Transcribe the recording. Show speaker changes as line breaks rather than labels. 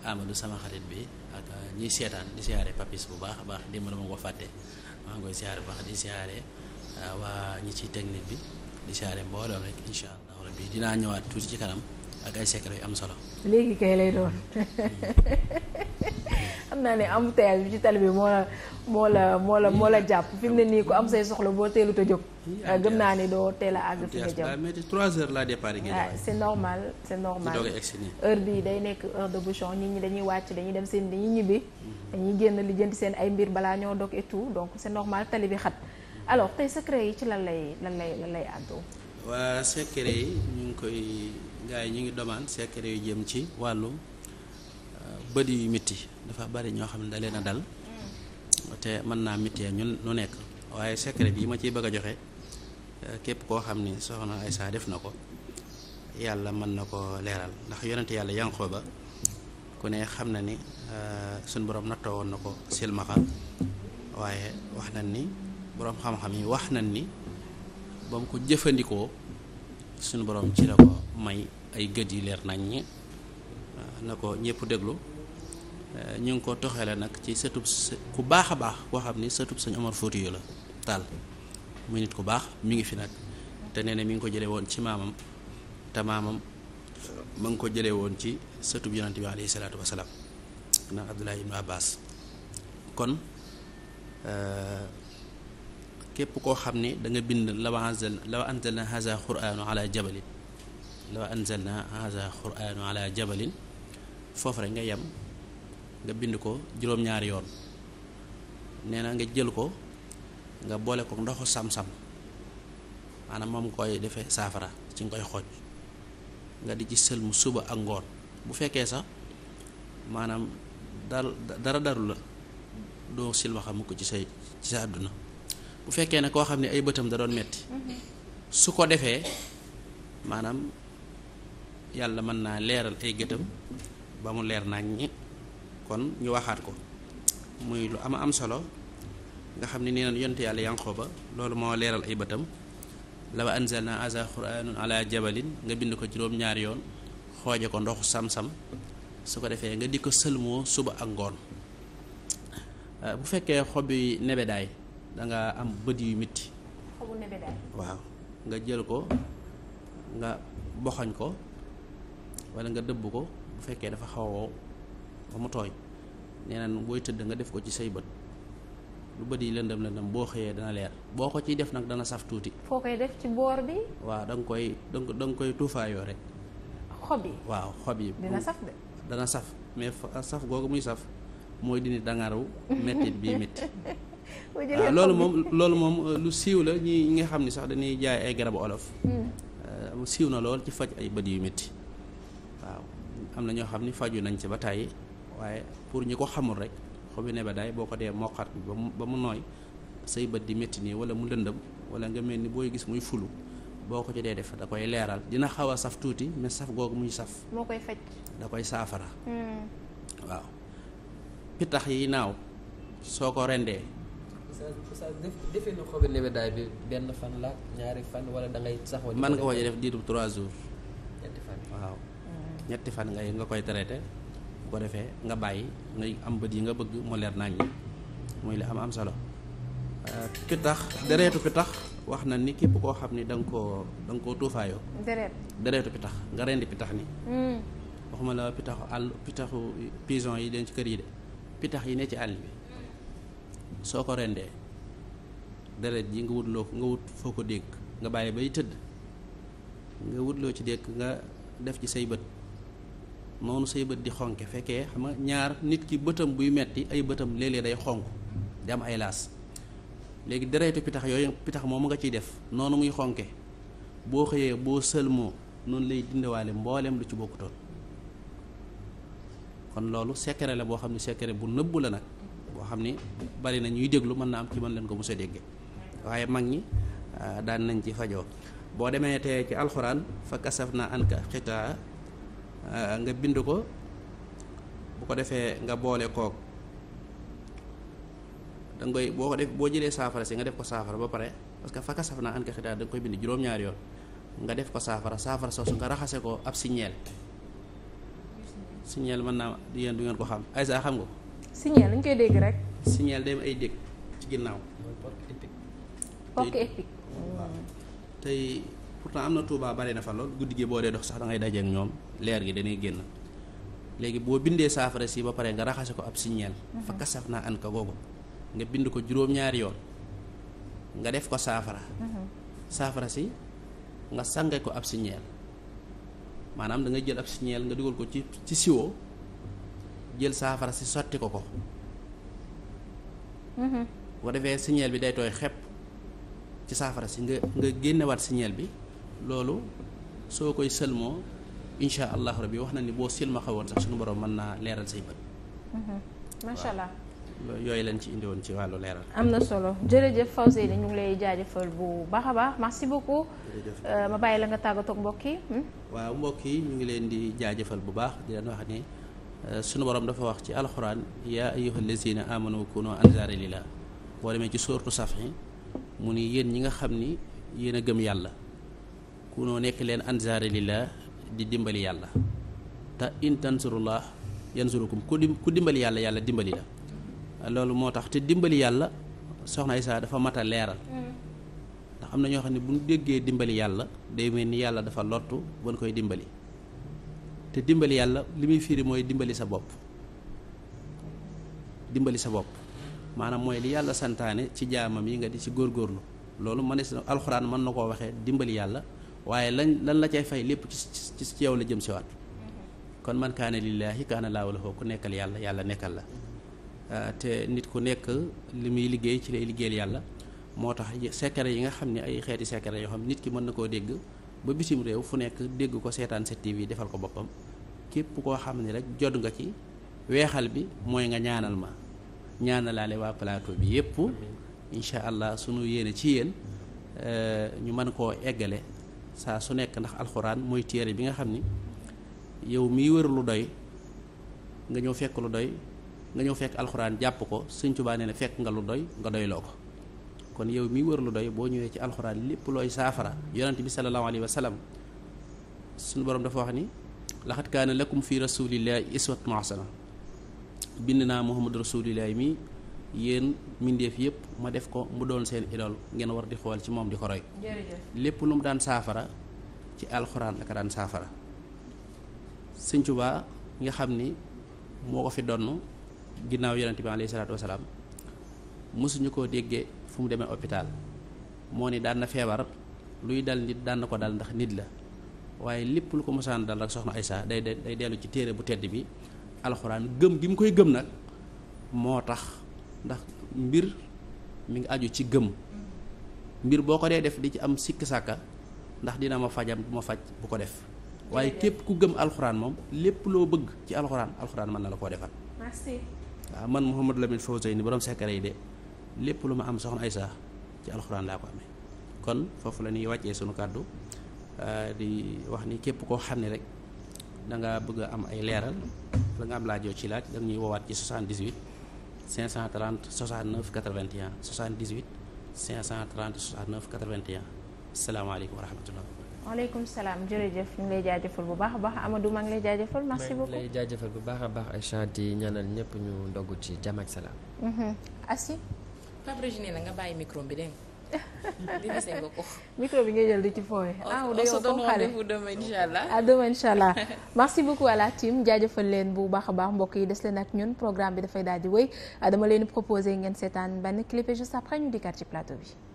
du sama xarit bi ak euh, ñiy seetaan di siyaare papis bu baax a baax démb ma ko fàtte maa ngi koy siyaare bu baax di siyaare euh, waa ñi ci technique bi di siyaare mbooloo rek incha allah bii dinaa ñëwaat tuuti ci kanam. ak ay secret yu am solo. léegi kay lay doon xam naa am embouteillage bi ci tali bi moo la moo la moo la moo la jàpp fi mu ne nii ku am say soxla boo teelut a jóg. Ah, gëm naa ne doo teel a àgg fi nga jëm. mais de 3 heures laa ah, départ c'est normal c'est normal heure bii day nekk heure de bouchon nit ñi dañuy wàcc dañuy dem seen dañuy ñibbi. Mm-hmm. dañuy génn li jënd seen ay mbir balaa ñoo dog et donc c'est normal tali bi xat alors tey secret yi ci lan lay lan lay lan lay àddoo. waa secret yi ñu gars yi ñu ngi demande secret yu jëm ci wàllu euh, bët yu métti dafa bari ñoo xam ne dalee na dal mm. te mën naa méttee ñun nu nekk waaye secret bi ma ciy bëgg a joxe euh, képp koo xam ni soxna Aysa def na ko yàlla mën na ko leeral ndax yonent yàlla yanqoo ba ku ne xam na ni euh, suñ borom nattoo woon na ko silmaxa waaye wax nañ ni boroom xam-xam yi wax na ni ba mu ko jëfandikoo suñu boroom ci la ko may ay gët yi leer nañ naññ ah, na ko ñëpp déglu eh, ñu ngi ko toxale nag ci sëtub ku baax a baax koo xam ni sëtub sëñ Omar Foutiyu la Taal mu nit ku baax mi ngi fi nag te nee na mi ngi ko jëlee woon ci maamam te mu ngi ko jële woon ci sëtub yonante bi alayhi salaatu wasalaam na Abdullahi ibnu Abbas kon eh, képp koo xam ni danga bind law anzalna law anzalna haza qur'anu ala jabalin law anzalna haza qur'anu ala jabalin foofu rek nga yem nga bind ko juróom-ñaari yoon nee na nga jël ko nga boole ko ndoxu sam-sam maanaam moom koy defee saafara ci nga koy xooj nga di ci sëlmu suba ak ngoon bu fekkee sax maanaam dara daru la doo silmaxa mukk ci say ci sa àdduna bu fekkee ne koo xam ne ay bëtam da doon metti su ko defee maanaam yàlla mën naa leeral ay gëtam ba mu leer nañ ñi kon ñu waxaat ko muy lu ama am solo nga xam ne nee nañ yonte yàlla yanqoo ba loolu moo leeral ay bëtam law anzalna aza quraanun ala jabalin nga bind ko juróom-ñaari yoon xooje ko ndoxu sam-sam su ko defee nga di ko sëlmoo suba ak ngoon ah, bu fekkee xobi yi nebedaay da nga am bët yu métti waaw nga jël ko nga boxoñ ko wala nga dëbb ko bu fekkee dafa xaw a mu tooy nee naan booy tëdd nga def ko ci say bët lu bët yi lëndëm lëndëm boo xëyee dana leer boo ko ciy def nag dana saf tuuti. foo koy def ci boor bi. waaw da nga koy da nga koy tuufaayoo rek. xob yi waaw xob yi. dina saf de. dana saf mais saf googu muy saf mooy dindi dangaru mettit bii métti. waaw ah, loolu moom loolu moom euh, lu siiw la ñi nga xam ni sax dañuy jaay ay garabu olof. Hmm. Euh, mu siiw na lool ci faj ay bët yu métti waaw am na ñoo xam ni faju nañ ci ba tàyyi waaye pour ñi ko xamul rek xobi nebedaay boo ko dee moqat bi ba mu nooy say bët di métti nii wala mu lëndëm wala nga mel ni booy gis muy fulu boo ko ci dee def da koy leeral dina xaw a saf tuuti mais saf googu muy saf. moo da koy saafara. Hmm. waaw pittax yi naaw soo ko rendee. sa defee na benn fan la ñaari fan wala da ngay sax nga ko def diiru trois jours. ñetti ñetti fan ngay nga koy traité bu ko defee nga bàyyi ngay am bët yi nga bëgg mu leer nañ ñi muy li am am solo. pitax euh, dereetu pitax wax na ni képp koo xam ni da nga koo da koo tuufaayoo. dereet dereetu pitax nga rendi pitax ni hmm. waxuma la pitaxu àll pitaxu pison yi den ci kër yi de pitax yi ne ci àll bi. soo ko rendee deret ji nga wut loo nga wut foo ko dénk nga bàyyi bay tëdd nga wut loo ci dénk nga def ci say bët noonu say bët di xonke fekkee xam nga ñaar nit ki bëtam buy metti ay bëtam léeg-léeg day xonk di am ay laas léegi deretu pitax yooyu pitax moomu nga ciy def noonu muy xonke boo xëyee boo sël moo noonu lay dindewaale mbooleem lu ci bokkutoon kon loolu secret la boo xam ne secret bu nëbbu la nag xam ni bari na ñuy déglu mën naa am ci mën leen ko mos a déggee waaye mag ñi ah, daan nañ ci fajoo boo demee te ci alxuraan fa kasaf na anka xitaa ah, nga bind ko bu ko defee nga boole kook da koy boo ko boo jëlee saafara si nga def ko saafara ba pare parce que fa kasaf na anka xitaa da nga koy bind juróom-ñaari yoon nga def ko saafara saafara soosu nga raxase ko ab signeel signeel mën naa yeen du ngeen ko xam aysa xam nga signal lañ koy dégg rek. signal day ay dégg ci ginnaaw. porc épic tey pourtant am na Touba bari na fa lool guddi gi boo dee dox sax da ngay dajeek ñoom leer gi dañuy génn léegi boo bindee saafara si ba pare nga raxase ko ab siñel mhm. fa kasaf naa an ka googu nga bind ko juróom-ñaari yoon nga def ko saafara. Mhm. saafara si nga sange ko ab signal maanaam danga jël ab signal nga dugal ko ci ci siwo. jël saafara si sotti ko ko mm-hmm. bu defee signal bi day tooy xepp ci saafara si nga nga génnewaat signal bi loolu soo koy sëlmoo insha allah rabbi wax na ni boo silma xawoon sax suñu borom mën naa leeral say bët mm-hmm. macha allah yooyu lañ ci indi woon ci wàllu leeral. am na solo jërëjëf Fawzeyni ñu ngi lay jaajëfal bu baax a baax merci euh, ma bàyyi la nga tàggatook ak mbokk yi. Hmm? waaw mbokk yi ñu ngi leen di jaajëfal bu baax di leen wax ni. Euh, sunu borom dafa wax ci alxuraan yaa ayyuhal lazina amanu kunu ansaara lillah boo demee ci sóortu safi mu ni yéen ñi nga xam ni yéen a gëm yàlla kunoo nekk leen ansaara lillah di dimbali yàlla te in tansurullah yansurukum ku dimbali yàlla yàlla dimbali la loolu moo tax te dimbali yàlla soxna Isa dafa mat a leeral mm. ndax am na ñoo xam ne bu ñu déggee dimbali yàlla day mel ni yàlla dafa lottu ba ñu koy dimbali te dimbali yàlla li muy firi mooy dimbali sa bopp dimbali sa bopp maanaam mooy li yàlla santaane ci jaamam yi nga di si góor góorlu loolu mënees na alxuraan mën na koo waxee dimbali yàlla waaye lañ lan la cay fay lépp ci yow la jëm si waat kon man kaana lillaahi kaana laahu lahu ku nekkal yàlla yàlla nekkal la ah, te nit ku nekk li muy liggéey ci lay liggéeyal yàlla moo tax secret yi nga xam ne ay xeeti sekkare yoo xam nit ki mën na koo dégg ba bisim réew fu nekk dégg ko seetaan sa TV defal ko boppam képp koo xam ni rek jot nga ci weexal bi mooy nga ñaanal ma ñaanalaale waa palaato bi yépp incha allah sunu yéene ci yéen euh, ñu mën koo eggale saa su nekk ndax alxuraan mooy téere bi nga xam ni yow miy wër lu doy nga ñëw fekk lu doy nga ñëw fekk alxuraan jàpp ko Sëñ Tuubaa nee na fekk nga lu doy nga doyloo ko kon yow mi wër lu doy boo ñëwee ci alxuraan lépp looy saafara yonent bi sallallahu alayhi wa sallam suñu borom dafa wax ni laxat kaana fi fi rasulillahi iswatun hasana bind naa muhammadu rasulillahi mi yéen mbindeef yépp ma def ko mu doon seen idol ngeen war di xool ci moom di ko roy lépp lu mu daan saafara ci alxuraan la ko daan saafara sëñ nga xam ni moo ko fi donn ginnaaw yonent bi alayhi salaatu wasalaam mësuñu koo déggee fu mu demee hôpital moo ni daan na feebar luy dal nit daan na ko dal ndax nit la waaye lépp lu ko mosaan dal rek soxna Aysa day day dellu ci téere bu tedd bi alxuraan gëm gi mu koy gëm nag moo tax ndax mbir mu ngi aju ci gëm mbir boo ko dee def di ci am sikk sàkka ndax dina ma fajam du ma faj bu ko def waaye képp ku gëm alxuraan moom lépp loo bëgg ci alxuraan alxuraan mën na la koo defal. merci. waaw man Mouhamadou Lamine Fawzeyni borom secret yi lépp lu ma am soxna Aysa ci alxuraan laa ko amee kon foofu la ñuy wàccee sunu kàddu euh, di wax ni képp koo xam ne rek da nga bëgg am ay leeral da nga am laajoo ci laaj da nga ñuy woowaat ci 78 530 69 81 78 530 69 81 salaamaaleykum wa rahmatullah. waaleykum salaam jërëjëf ñu ngi lay bu baax a baax Amadou maa ngi lay jaajëfal. merci beaucoup maa ngi lay bu baax a baax Aïcha di ñaanal ñëpp ñu ndogu ci jàmm ak salaam. Mhm. Pape Regine na nga bàyyi micro bi dégg nga. dévissé nga ko. micro bi ngay jël di ci fooy. ah on se donne rendez-vous demain incha allah ah merci beaucoup à la team jaajëfal leen bu baax a baax mbokk yi des leen ak ñun programme bi dafay daal di wéy dama leen proposer ngeen seetaan benn clip et juste après ñu dikkaat ci plateau bi.